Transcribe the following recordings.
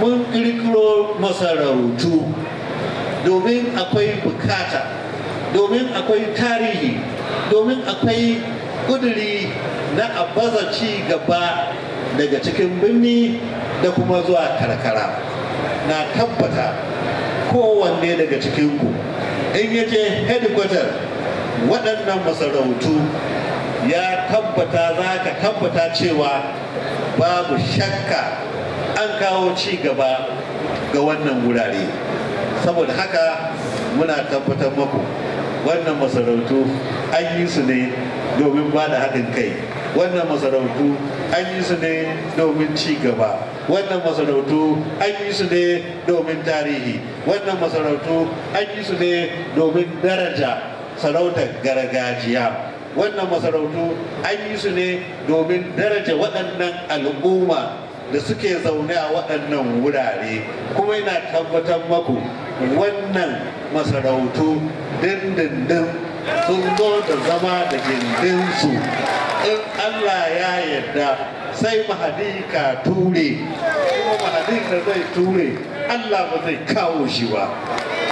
mun ƙirƙiro masarautu domin akwai bukata domin akwai tarihi domin akwai ƙuduri na abaza ci gaba daga cikin birni da kuma zuwa karkara na tabbata kowanne daga cikinku in yaje headquarter waɗannan masarautu ya tabbata za ka tabbata cewa babu shakka an kawo ci gaba ga wannan wurare saboda haka muna tabbatar muku wannan masarautu an yi su ne domin ba da haɗin kai wannan masarautu an yi su ne domin ci gaba wannan masarautu an yi su ne domin tarihi wannan masarautu an yi su ne domin daraja sarautar gargajiya wannan masarautu an yi su ne domin daraja waɗannan al'umma da suke zaune a waɗannan wurare kuma yana tabbatar maku wannan masarautu dindindin sun zo da zama da gindinsu in allah ya yarda sai mahadika ka ture kuma mahadika zai ture allah ba zai kawo shi ba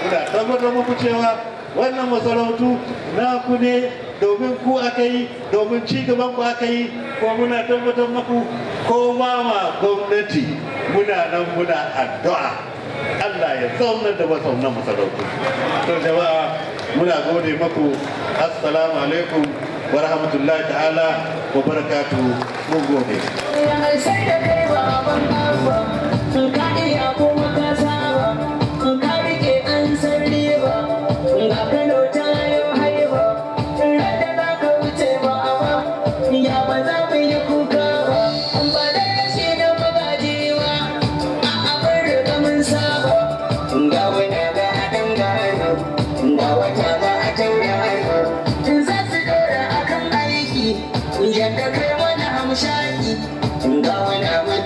kuna tabbatar muku cewa wannan masarautu naku ne domin ku aka yi domin ci gaban ku aka yi ko muna tabbatar maku ko ma ma gwamnati muna nan muna addu'a Allah ya zauna da mazaunan masarautu to jama'a muna gode maku assalamu alaikum wa rahmatullahi ta'ala wa barakatuhu mun gode yadda kai wani hamshaki ga wani eh. eh. eh.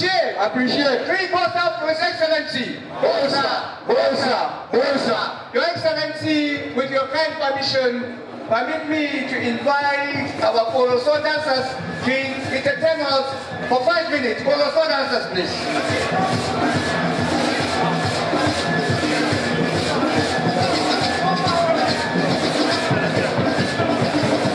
Appreciate. Appreciate. Three, four, His Excellency. Bosa. Bosa. Your Excellency, with your kind permission, permit me to invite our Poroso dancers to entertain us for five minutes. Poroso dancers, please.